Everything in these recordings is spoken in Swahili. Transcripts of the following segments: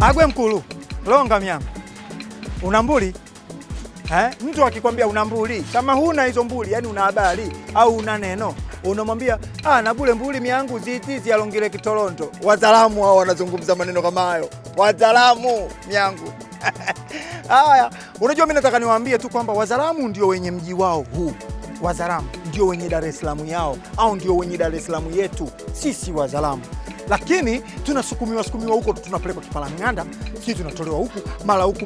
Agwe mkulu longa myama, una mbuli eh? Mtu akikwambia una mbuli, kama huna hizo mbuli, yani una habari au una neno, unamwambia ah, na bule mbuli miangu ziti zialongile kitorondo Wazalamu hao wanazungumza maneno kama hayo, wazalamu miangu Haya, unajua mimi nataka niwaambie tu kwamba wazalamu ndio wenye mji wao huu. Wazalamu ndio wenye Dar es Salaam yao, au ndio wenye Dar es Salaam yetu sisi wazalamu lakini tunasukumiwa sukumiwa huko, tunapelekwa Kipalang'anda, sisi tunatolewa huku mara huku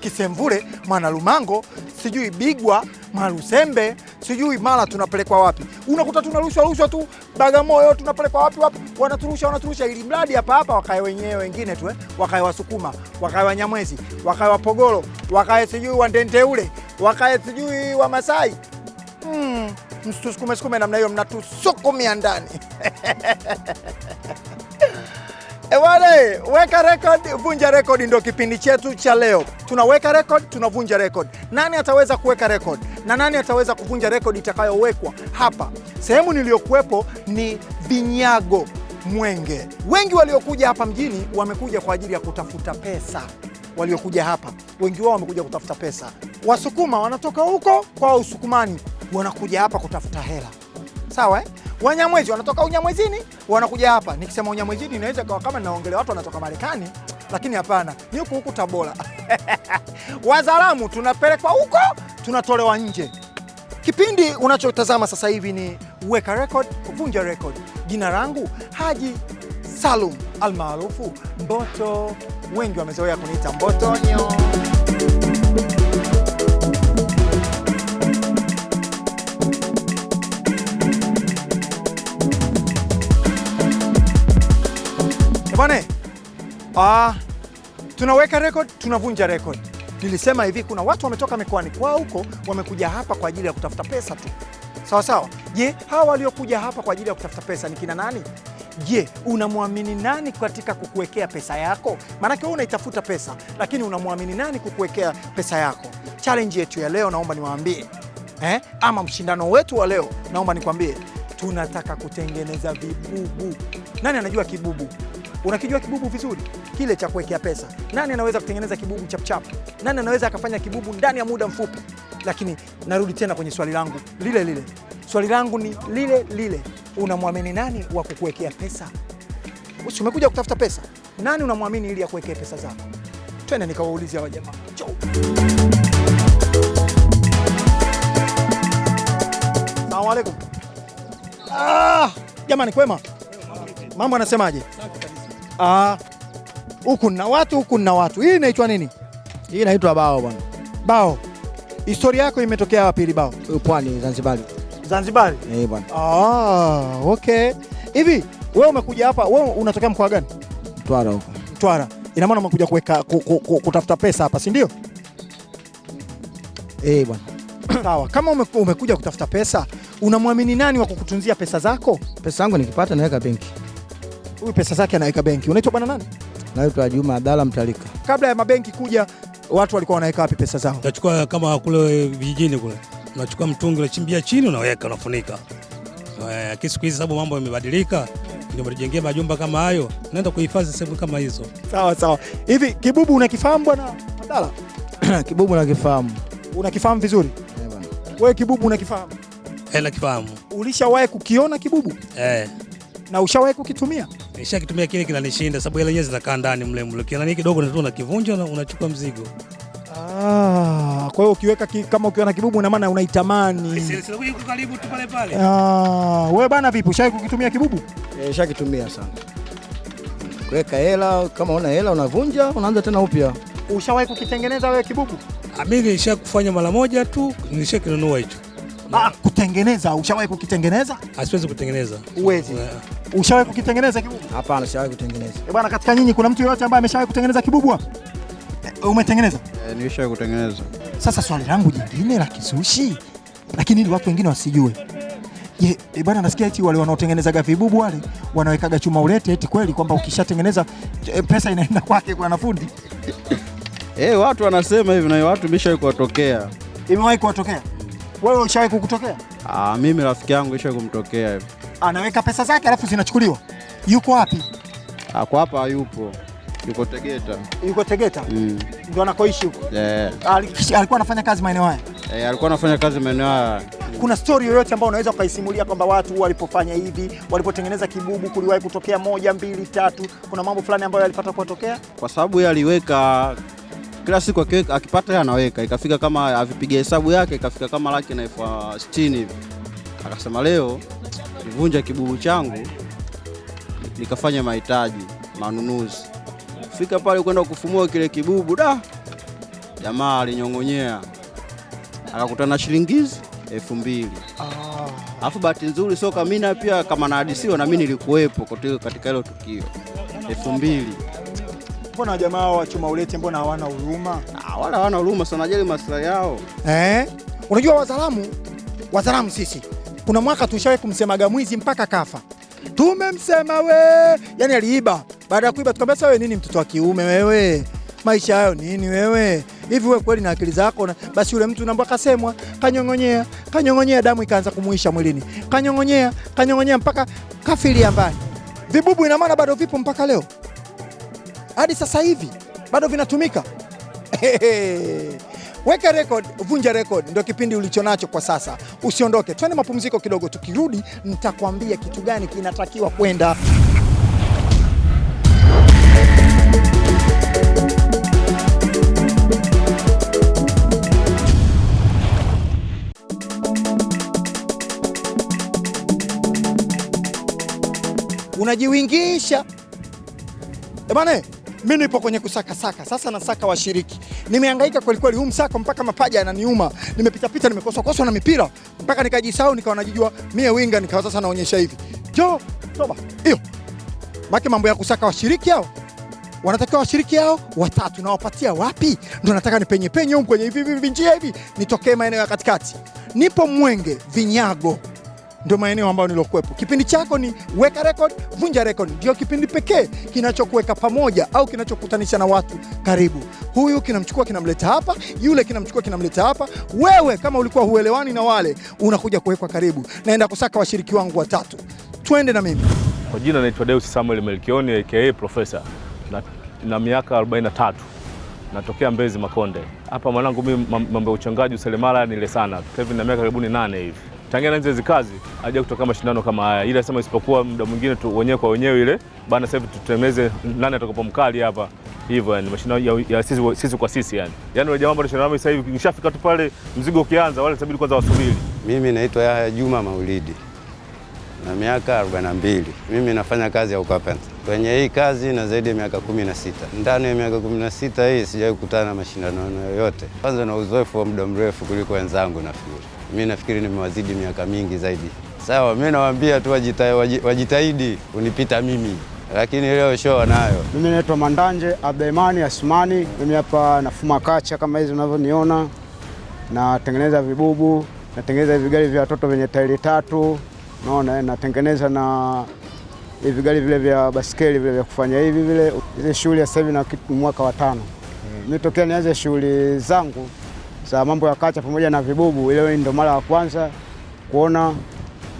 Kisemvule, mwana Lumango, sijui Bigwa, Malusembe, sijui mara tunapelekwa wapi. Unakuta tunarushwa rushwa tu Bagamoyo, tunapelekwa wapi wapi, wanaturusha wanaturusha, ili mradi hapa hapa wakae wenyewe wengine tu eh, wakae Wasukuma, wakae Wanyamwezi, wakae Wapogoro, wakae sijui wandendeule wakae sijui Wamasai. Mm, msitusukume sukume namna hiyo, mnatusukumia ndani Ewale, weka record, vunja rekodi ndio kipindi chetu cha leo. Tunaweka record, tunavunja record. Nani ataweza kuweka record? na nani ataweza kuvunja record itakayowekwa hapa? Sehemu niliyokuwepo ni vinyago Mwenge. Wengi waliokuja hapa mjini wamekuja kwa ajili ya kutafuta pesa. Waliokuja hapa wengi wao wamekuja kutafuta pesa. Wasukuma wanatoka huko kwa Usukumani, wanakuja hapa kutafuta hela, sawa eh? Wanyamwezi wanatoka unyamwezini wanakuja hapa. Nikisema unyamwezini inaweza kawa kama naongelea watu wanatoka Marekani, lakini hapana, ni huku huku Tabora. Wazalamu tunapelekwa huko, tunatolewa nje. Kipindi unachotazama sasa hivi ni Weka Record, Vunja Record. Jina langu Haji Salum almaarufu Mboto, wengi wamezoea kuniita Mbotonyo. Ah, tunaweka record, tunavunja record. Nilisema hivi, kuna watu wametoka mikoani kwao huko wamekuja hapa kwa ajili ya kutafuta pesa tu, sawa sawa. Je, hawa waliokuja hapa kwa ajili ya kutafuta pesa ni kina nani? Je, unamwamini nani katika kukuwekea pesa yako? Maanake wewe unaitafuta pesa, lakini unamwamini nani kukuwekea pesa yako? Challenge yetu ya leo, naomba niwaambie eh, ama mshindano wetu wa leo, naomba nikwambie, tunataka kutengeneza vibubu. Nani anajua kibubu? Unakijua kibubu vizuri kile cha kuwekea pesa? Nani anaweza kutengeneza kibubu chapchap? Nani anaweza akafanya kibubu ndani ya muda mfupi? Lakini narudi tena kwenye swali langu lile lile, swali langu ni lile lile, unamwamini nani wa kukuwekea pesa? Usi umekuja kutafuta pesa, nani unamwamini ili akuwekee pesa zako? Twende nikawaulize hawa jamaa. Salamu alaikum. Ah, jamani, kwema? Mambo anasemaje? Ah, huku na watu huku na watu. Hii inaitwa nini? Hii inaitwa bao bwana. Bao. Historia yako imetokea wapi ile bao? Pwani Zanzibar. Zanzibar? Eh, bwana. Ah, okay. Hivi wewe umekuja hapa, wewe unatokea mkoa gani? Mtwara huko. Mtwara. Ina maana umekuja kuweka ku, ku, ku, kutafuta pesa hapa, si ndio? Eh, bwana. Sawa. Kama umekuja kutafuta pesa, unamwamini nani wa kukutunzia pesa zako? Pesa yangu nikipata naweka benki. Huyu pesa zake anaweka benki. Unaitwa bwana nani? Naitwa Juma Abdalla Mtalika. Kabla ya mabenki kuja, watu walikuwa wanaweka wapi pesa zao? Unachukua kama kule vijijini kule, unachukua mtungi unachimbia chini, unaweka unafunika. Eh, lakini siku hizi sababu mambo yamebadilika, jengea majumba kama hayo, naenda kuhifadhi sehemu kama hizo. Sawa sawa. Hivi kibubu unakifahamu bwana Abdalla? Kibubu unakifahamu? Unakifahamu vizuri? Eh, Wewe kibubu unakifahamu? Eh, nakifahamu. Ulishawahi kukiona kibubu? Eh. Na ushawahi kukitumia? nisha kitumia kile kinanishinda, sababu ile yenyewe zinakaa ndani mle mle, kinani kidogo ndio unakivunja, unachukua mzigo. Ah, kwa hiyo ukiweka kama ukiwa na kibubu ina maana unaitamani. Karibu tu pale pale. Ah, wewe bana, vipi ushai kukitumia kibubu? Eh, shakitumia sana. Kuweka hela, kama una hela unavunja, unaanza tena upya. Ushawahi kukitengeneza wewe kibubu? Ah, mimi nisha kufanya mara moja tu, nisha kinunua hicho yeah. Kutengeneza ushawahi kukitengeneza? Asiwezi kutengeneza. Uwezi. Yeah. Ushawahi kukitengeneza kibubwa? Hapana, sijawahi kutengeneza. Eh, bwana, katika nyinyi kuna mtu yoyote ambaye ameshawahi kutengeneza kibubwa? Eh, umetengeneza? Eh, nimeshawahi kutengeneza. Sasa swali langu jingine la kizushi lakini ili watu wengine wasijue. Je, e, bwana nasikia eti wale wanaotengenezaga vibubu wale wanawekaga chuma ulete eti kweli kwamba ukishatengeneza eh, pesa inaenda kwake kwa fundi? Eh, watu wanasema hivi na watu imeshawahi kuwatokea. Imewahi kuwatokea? Wewe ushawahi kukutokea? Ah, mimi rafiki yangu ishawahi kumtokea. Anaweka ah, pesa zake alafu zinachukuliwa. Yuko wapi? Ah, kwa hapa yupo. Yuko Tegeta. Yuko Tegeta? Mm. Ndio anakoishi huko. Yeah. Alikuwa anafanya kazi maeneo haya. Eh, alikuwa anafanya kazi maeneo haya. Kuna story yoyote ambayo unaweza ukaisimulia kwamba watu walipofanya hivi, walipotengeneza kibubu kuliwahi kutokea moja, mbili, tatu, kuna mambo fulani ambayo yalipata kutokea? Kwa sababu yaliweka kila siku akipata anaweka, ikafika kama avipiga hesabu yake ikafika kama laki na elfu ah, sitini hivi, akasema leo nivunja kibubu changu nikafanya mahitaji manunuzi. Fika pale kwenda kufumua kile kibubu, da jamaa alinyong'onyea, akakutana shilingizi elfu mbili ah. alafu bahati nzuri soka mina pia kama nahadisiwa, na mimi nilikuwepo katika hilo tukio elfu mbili Mbona wajamaa hao wachoma ulete, mbona hawana huruma? Ah, wala hawana huruma sana, ajali maslahi yao eh. Unajua wazalamu, wazalamu sisi, kuna mwaka tushawahi kumsemaga mwizi mpaka kafa. Tumemsema we, yani aliiba. Baada ya kuiba tukamwambia sasa, wewe nini mtoto wa kiume wewe, maisha hayo nini wewe hivi wewe kweli na akili zako? Basi yule mtu namba kasemwa, kanyong'onyea, kanyong'onyea, damu ikaanza kumuisha mwilini, kanyong'onyea, kanyong'onyea mpaka kafilia mbali. Vibubu ina maana bado vipo mpaka leo hadi sasa hivi bado vinatumika. Weka record, vunja record, ndio kipindi ulichonacho kwa sasa. Usiondoke, twende mapumziko kidogo, tukirudi nitakwambia kitu gani kinatakiwa kwenda. Unajiwingisha ebane mi nipo kwenye kusakasaka sasa, saka washiriki. Nimehangaika kweli kweli huu msako mpaka mapaja yananiuma, nimepitapita, nimekoswakoswa na mipira mpaka nikajisahau, nikawa najijua mie winga, nikawa sasa naonyesha hivi jo toba hiyo make mambo ya kusaka washiriki hao wanatakiwa washiriki hao watatu nawapatia wapi? Ndo nataka nipenye penye huko kwenye hivi hivi hivi, nitokee maeneo ya katikati. Nipo Mwenge Vinyago ndio maeneo ambayo nilokuwepo. Kipindi chako ni weka rekodi, vunja rekodi, ndio kipindi pekee kinachokuweka pamoja au kinachokutanisha na watu karibu. Huyu kinamchukua kinamleta hapa, yule kinamchukua kinamleta hapa. Wewe kama ulikuwa huelewani na wale, unakuja kuwekwa karibu. Naenda kusaka washiriki wangu watatu, twende na mimi. Kwa jina naitwa Deus Samuel Melkioni aka Profesa na, na miaka 43 natokea Mbezi Makonde hapa. Mwanangu mimi mambo ya uchongaji useremala nile sana, sasa hivi na miaka karibuni nane hivi tangia naanza hizo kazi haja kutoka mashindano kama haya, ila sema isipokuwa muda mwingine tu wenyewe kwa wenyewe ile bana, sasa tutemeze tutengeneze nani atakapo mkali hapa hivyo, yani mashindano ya, ya sisi, sisi kwa sisi yani, yani wale jamaa bado shindano sasa hivi nishafika tu pale, mzigo ukianza wale sabili kwanza wasubiri. Mimi naitwa Yahya Juma Maulidi na miaka 42. Mimi nafanya kazi ya ukapenta. Kwenye hii kazi na zaidi ya miaka kumi na sita. Ndani ya miaka kumi na sita hii sijawahi kukutana na mashindano yoyote. Kwanza na uzoefu wa muda mrefu kuliko wenzangu nafikiri mi nafikiri nimewazidi miaka mingi zaidi. Sawa, mi nawaambia tu wajitahidi kunipita mimi, lakini leo show wanayo. Mimi naitwa Mandanje Abdaimani Asmani, mimi hapa nafuma kacha kama hizi unavyoniona, natengeneza vibubu, natengeneza vigari vya watoto vyenye tairi tatu, naona eh, natengeneza na hivi gari vile vya baskeli vile vya kufanya hivi vile. Hizi shughuli sasa hivi na mwaka wa tano, mimi mm. tokea nianze shughuli zangu za mambo ya kacha pamoja na vibubu, ile ndio mara ya kwanza kuona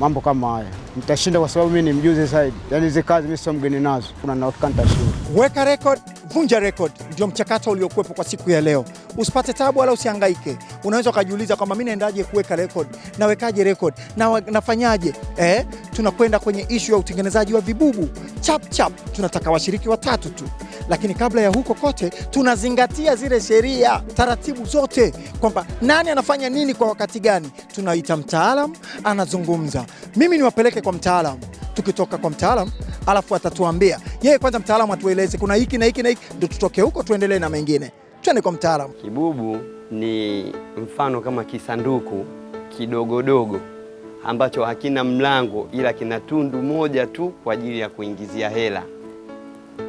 mambo kama haya. Nitashinda kwa sababu mimi ni mjuzi zaidi, yaani hizi kazi mimi sio mgeni nazo, kuna naofika nitashinda. Weka rekodi, vunja rekodi, ndio mchakato uliokuwepo kwa siku ya leo. Usipate tabu wala usihangaike. Unaweza ukajiuliza kwamba mimi naendaje kuweka rekodi, nawekaje rekodi na nafanyaje? Eh, tunakwenda kwenye ishu ya utengenezaji wa vibubu chap chap. Tunataka washiriki watatu tu lakini kabla ya huko kote tunazingatia zile sheria, taratibu zote, kwamba nani anafanya nini kwa wakati gani. Tunaita mtaalam, anazungumza. Mimi niwapeleke kwa mtaalam, tukitoka kwa mtaalam alafu atatuambia yeye kwanza, mtaalamu atueleze kuna hiki na hiki na hiki, ndo tutoke huko tuendelee na mengine. Twende kwa mtaalam Kibubu ni mfano kama kisanduku kidogodogo ambacho hakina mlango, ila kina tundu moja tu kwa ajili ya kuingizia hela.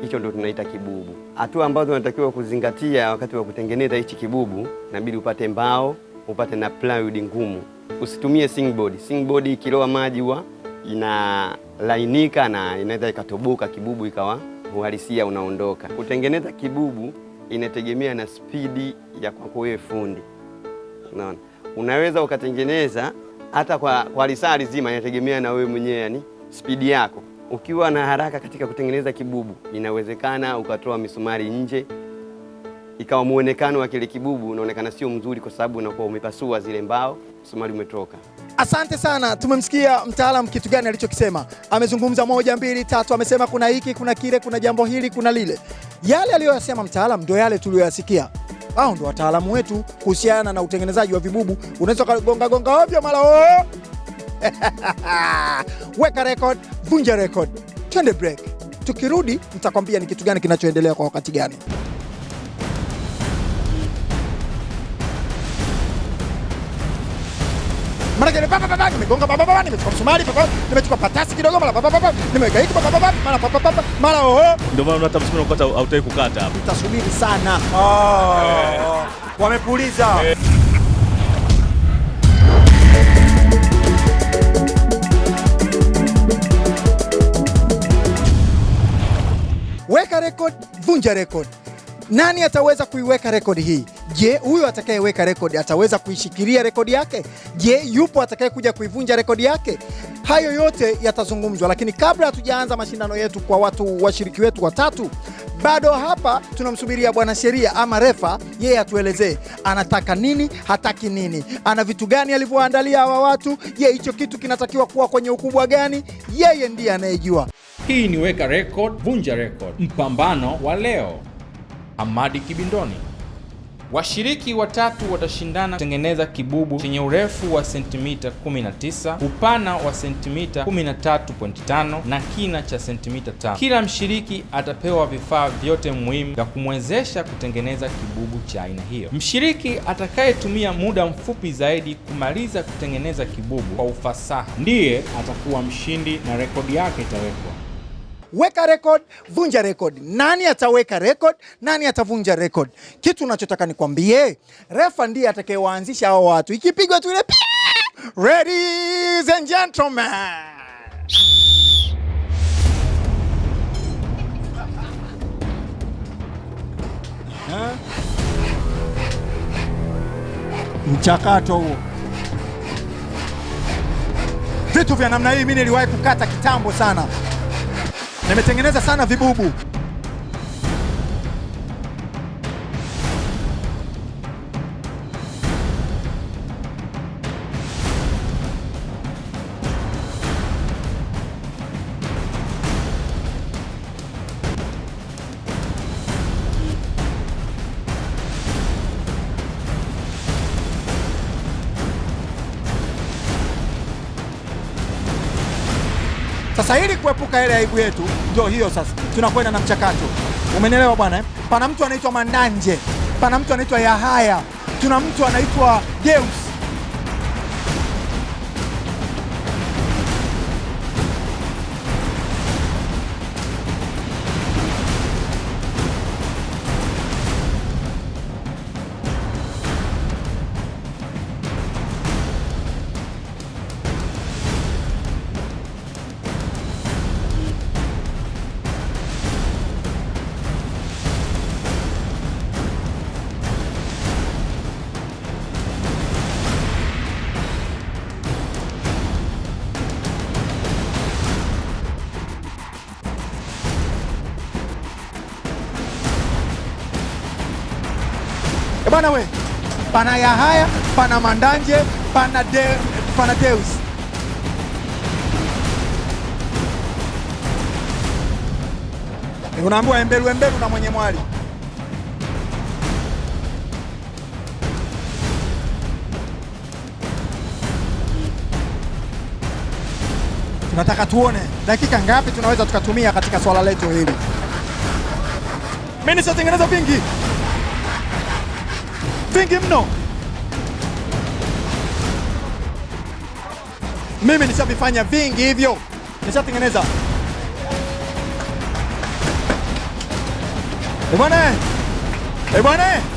Hicho ndo tunaita kibubu. Hatua ambazo unatakiwa kuzingatia wakati wa kutengeneza hichi kibubu, inabidi upate mbao, upate na plywood ngumu. Usitumie singboard. Singboard ikiloa maji huwa inalainika na inaweza ikatoboka kibubu ikawa uhalisia unaondoka. Kutengeneza kibubu inategemea na spidi ya kwako wewe fundi. Unaona, unaweza ukatengeneza hata kwa, kwa lisali zima, inategemea na wewe mwenyewe, yani spidi yako. Ukiwa na haraka katika kutengeneza kibubu, inawezekana ukatoa misumari nje, ikawa muonekano wa kile kibubu unaonekana sio mzuri, kwa sababu unakuwa umepasua zile mbao, msumari umetoka. Asante sana. Tumemsikia mtaalam kitu gani alichokisema. Amezungumza moja, mbili, tatu, amesema kuna hiki, kuna kile, kuna jambo hili, kuna lile. Yale aliyoyasema mtaalam ndio yale tuliyoyasikia. Hao ndio wataalamu wetu kuhusiana na utengenezaji wa vibubu. Unaweza ukagonga gonga ovyo mara weka record, vunja record, twende break. Tukirudi nitakwambia ni kitu gani kinachoendelea kwa wakati gani. mara Wamepuliza. record, vunja record. Nani ataweza kuiweka rekodi hii? Je, huyo atakayeweka rekodi ataweza kuishikilia rekodi yake? Je, yupo atakayekuja kuivunja rekodi yake? Hayo yote yatazungumzwa, lakini kabla hatujaanza mashindano yetu kwa watu washiriki wetu watatu, bado hapa tunamsubiria bwana sheria ama refa, yeye atuelezee anataka nini, hataki nini, ana vitu gani alivyoandalia hawa watu. Je, hicho kitu kinatakiwa kuwa kwenye ukubwa gani? Yeye ndiye anayejua. Hii ni Weka Record Vunja Record, mpambano wa leo. Hamadi Kibindoni. Washiriki watatu watashindana kutengeneza kibubu chenye urefu wa sentimita 19, upana wa sentimita 13.5 na kina cha sentimita 5. Kila mshiriki atapewa vifaa vyote muhimu vya kumwezesha kutengeneza kibubu cha aina hiyo. Mshiriki atakayetumia muda mfupi zaidi kumaliza kutengeneza kibubu kwa ufasaha ndiye atakuwa mshindi na rekodi yake itawekwa. Weka record, vunja record. Nani ataweka record? Nani atavunja record? Kitu unachotaka nikwambie, refa ndiye atakayewaanzisha hao watu. Ikipigwa tu ile Ladies and gentlemen. Mchakato huo vitu vya namna hii, mimi niliwahi kukata kitambo sana nimetengeneza sana vibubu. Sasa ili kuepuka ile aibu yetu, ndio hiyo sasa, tunakwenda na mchakato, umenielewa bwana eh? Pana mtu anaitwa Mandanje, pana mtu anaitwa Yahaya, tuna mtu anaitwa Deus bana we, pana Yahaya, pana Mandanje, pana, de, pana Deus. Eh, unaambiwa embelu embelu na mwenye mwali. Tunataka tuone dakika ngapi tunaweza tukatumia katika swala letu hili. Mimi nitatengeneza vingi msingi mno. Mimi nishavifanya vingi hivyo, nishatengeneza eh, bwana, eh, bwana.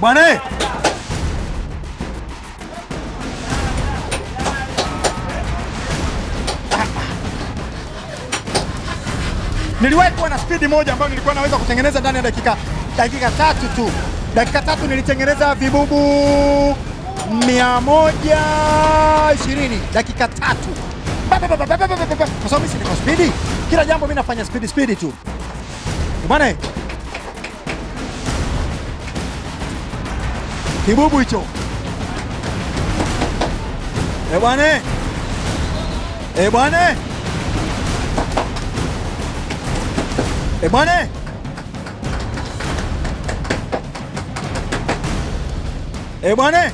Bwana eh! Niliwahi kuwa na spidi moja ambayo nilikuwa naweza kutengeneza ndani ya dakika dakika tatu tu. Dakika tatu nilitengeneza vibubu 120 dakika tatu, kwa sababu mimi sina spidi. Kila jambo mimi nafanya spidi spidi tu bwana. Eh! 뒤로 보이죠 에반에 에반에 에반에 에반에 에반에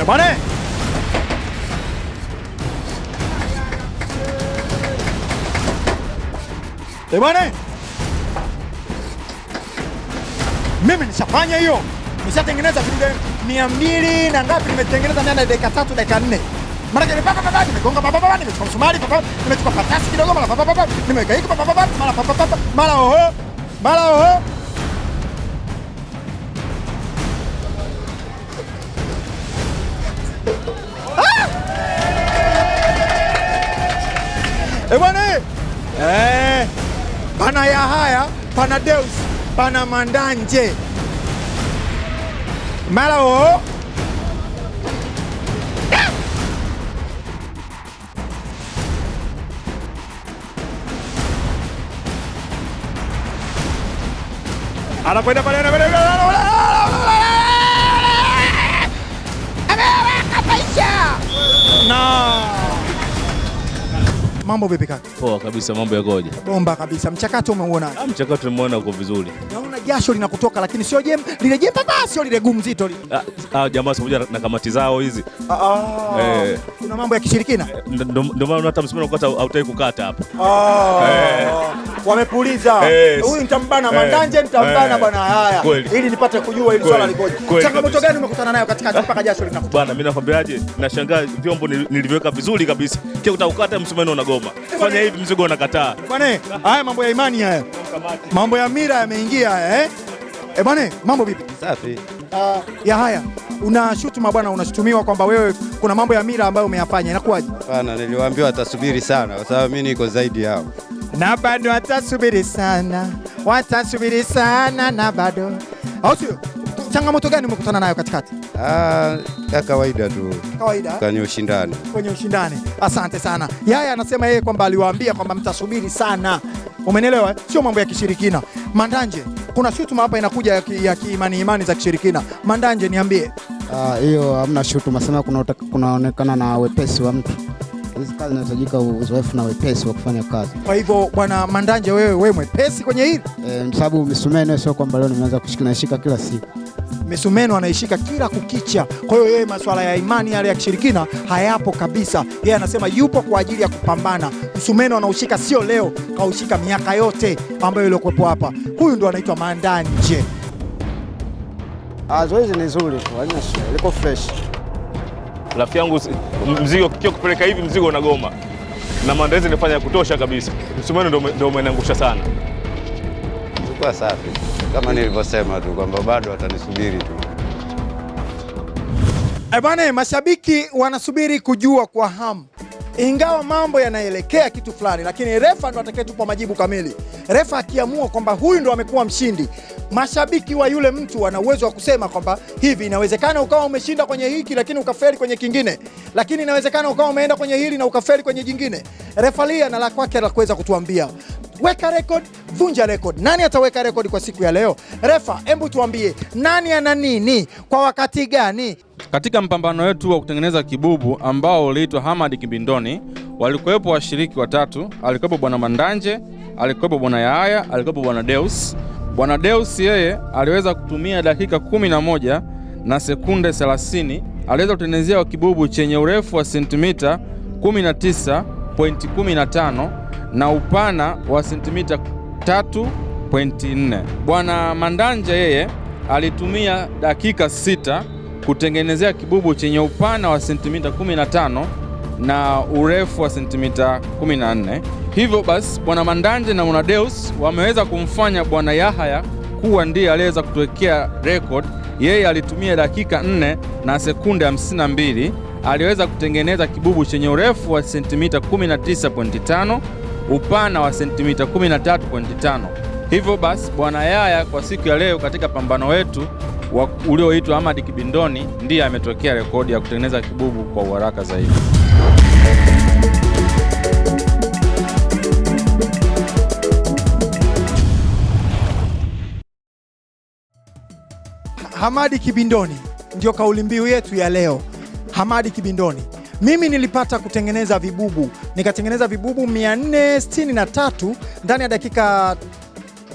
에반에 Eh bwana, mimi nishafanya hiyo, nishatengeneza video mia mbili na ngapi, nimetengeneza ndani ya dakika tatu dakika nne. Mara nimepaka papa, nimegonga papa papa, nimechukua msumari papa, nimechukua patasi kidogo mara papa papa, nimeweka hiki papa papa, mara papa papa, mara oho, mara oho. Ah! Eh bwana, eh pana Yahaya, pana Deus, pana Mandanje Malao. Anakwenda pale na Mambo vipi kaka? Poa kabisa, mambo yakoje? Bomba kabisa. Mchakato umeuona? Ah, mchakato umeona uko vizuri. Naona jasho linakutoka lakini sio jem, lile jem baba sio lile gumu zito lile. Ah, ah jamaa sikuja na kamati zao hizi. Ah, ah. Eh. Kuna mambo ya kishirikina? Eh, Ndio maana hata msimamo ukata hautai kukata hapa. Ah. Eh. Wamepuliza. Eh. Huyu nitambana eh. mandanje, nitambana bwana haya. Ili nipate kujua hili swala likoje. Changamoto gani umekutana nayo katika mpaka jasho linakutoka? Bwana mimi nakwambiaje? Nashangaa vyombo nilivyoweka vizuri kabisa. Kile utakata msimamo unago ngoma. Fanya hivi, mzigo unakataa. Bwana, haya mambo ya imani haya, mambo ya mira yameingia haya eh? eh bwana, mambo vipi? Safi. Uh, ya haya unashutuma bwana, unashutumiwa kwamba wewe kuna mambo ya mira ambayo umeyafanya, inakuwaje? Bana, niliwaambia watasubiri sana, kwa sababu mimi niko zaidi yao, na bado watasubiri sana, watasubiri sana na bado, au sio? Changamoto gani umekutana nayo katikati? Ah, ya kawaida tu. Kawaida. Kwenye ushindani. Kwenye ushindani. Asante sana. Yaya anasema yeye kwamba aliwaambia kwamba mtasubiri sana. Umenielewa? Sio mambo ya kishirikina. Mandanje, kuna shutuma hapa inakuja ya, ki, ya kiimani imani za kishirikina. Mandanje, niambie. Ah, hiyo hamna shutuma, sema kuna kunaonekana na wepesi wa mtu hizi kazi zinahitajika uzoefu na wepesi wa kufanya kazi. Kwa hivyo bwana Mandanje, wewe wewe mwepesi kwenye hili e, sababu misumeno sio kwamba leo nimeanza kushika kila siku misumeno anaishika kila kukicha. Kwa hiyo yeye masuala ya imani yale ya kishirikina hayapo kabisa. Yeye anasema yupo kwa ajili ya kupambana. Msumeno anaushika sio leo, kaushika miaka yote ambayo iliokuwepo hapa. Huyu ndo anaitwa Mandanje. Ah, zoezi ni zuri tu, liko fresh rafiki yangu, mzigo kio kupeleka hivi, mzigo unagoma na maandalizi nilifanya ya kutosha kabisa. Msumeno ndio umeniangusha sana. Tulikuwa safi kama nilivyosema tu kwamba bado watanisubiri tu. Ebane, eh, mashabiki wanasubiri kujua kwa hamu, ingawa mambo yanaelekea kitu fulani, lakini refa ndo atakayetupa majibu kamili. Refa akiamua kwamba huyu ndo amekuwa mshindi mashabiki wa yule mtu wana uwezo wa kusema kwamba hivi inawezekana ukawa umeshinda kwenye hiki lakini ukafeli kwenye kingine, lakini inawezekana ukawa umeenda kwenye hili na ukafeli kwenye jingine. Refalia na la kwake la kuweza kutuambia weka rekod, vunja rekod. Nani ataweka rekodi kwa siku ya leo? Refa, hebu tuambie nani ana nini kwa wakati gani? Katika mpambano wetu wa kutengeneza kibubu ambao uliitwa hamad Kibindoni, walikuwepo washiriki watatu, alikuwepo bwana Mandanje, alikuwepo bwana Yaya, alikuwepo bwana Deus. Bwana Deus yeye aliweza kutumia dakika kumi na moja na sekunde 30. Aliweza kutengenezea kibubu chenye urefu wa sentimita 19.15 na upana wa sentimita 3.4. Bwana Mandanja yeye alitumia dakika sita kutengenezea kibubu chenye upana wa sentimita 15 na urefu wa sentimita 14. Hivyo basi bwana Mandanje na bwana Deus wameweza kumfanya bwana Yahaya kuwa ndiye aliyeweza kutuwekea rekodi. Yeye alitumia dakika 4 na sekunde 52, aliweza kutengeneza kibubu chenye urefu wa sentimita 19.5, upana wa sentimita 13.5. Hivyo basi bwana Yahaya kwa siku ya leo katika pambano wetu ulioitwa Ahmad Kibindoni ndiye ametokea rekodi ya kutengeneza kibubu kwa uharaka zaidi. Hamadi Kibindoni, ndio kauli mbiu yetu ya leo. Hamadi Kibindoni, mimi nilipata kutengeneza vibubu, nikatengeneza vibubu 463 ndani ya dakika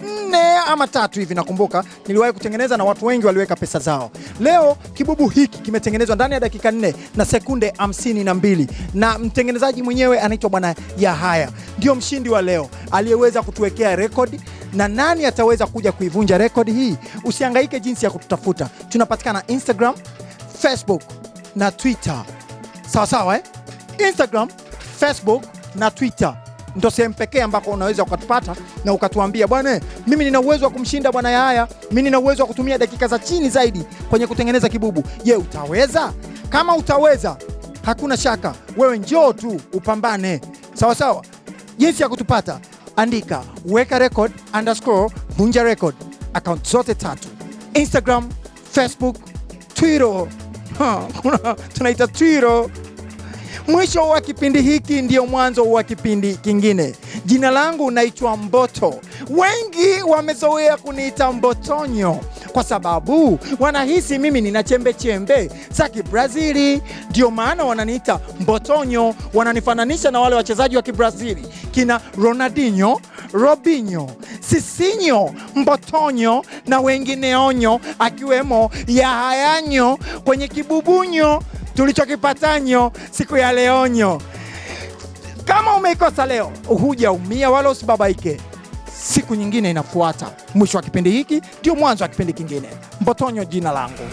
nne ama tatu hivi, nakumbuka niliwahi kutengeneza na watu wengi waliweka pesa zao. Leo kibubu hiki kimetengenezwa ndani ya dakika nne na sekunde hamsini na mbili na mtengenezaji mwenyewe anaitwa Bwana Yahaya, ndio mshindi wa leo aliyeweza kutuwekea rekodi na nani ataweza kuja kuivunja rekodi hii? Usihangaike jinsi ya kututafuta, tunapatikana Instagram, Facebook na Twitter. Sawa sawa, eh? Instagram, Facebook na Twitter ndo sehemu pekee ambako unaweza ukatupata na ukatuambia, bwana, mimi nina uwezo wa kumshinda bwana Yahaya, mi nina uwezo wa kutumia dakika za chini zaidi kwenye kutengeneza kibubu. Je, utaweza? Kama utaweza, hakuna shaka, wewe njoo tu upambane. Sawa sawa, jinsi ya kutupata andika weka record underscore vunja record. Account zote tatu Instagram, Facebook, Twitter. Tunaita Twitter. Mwisho wa kipindi hiki ndiyo mwanzo wa kipindi kingine. Jina langu naitwa Mboto, wengi wamezoea kuniita Mbotonyo kwa sababu wanahisi mimi nina chembe chembe za Kibrazili. Ndio maana wananiita Mbotonyo, wananifananisha na wale wachezaji wa Kibrazili kina Ronaldinho, Robinho, sisinyo Mbotonyo na wengineonyo, akiwemo Yahayanyo kwenye kibubunyo tulichokipatanyo siku ya leonyo. Kama umeikosa leo, hujaumia wala usibabaike siku nyingine inafuata. Mwisho wa kipindi hiki ndio mwanzo wa kipindi kingine. Mbotonyo jina langu.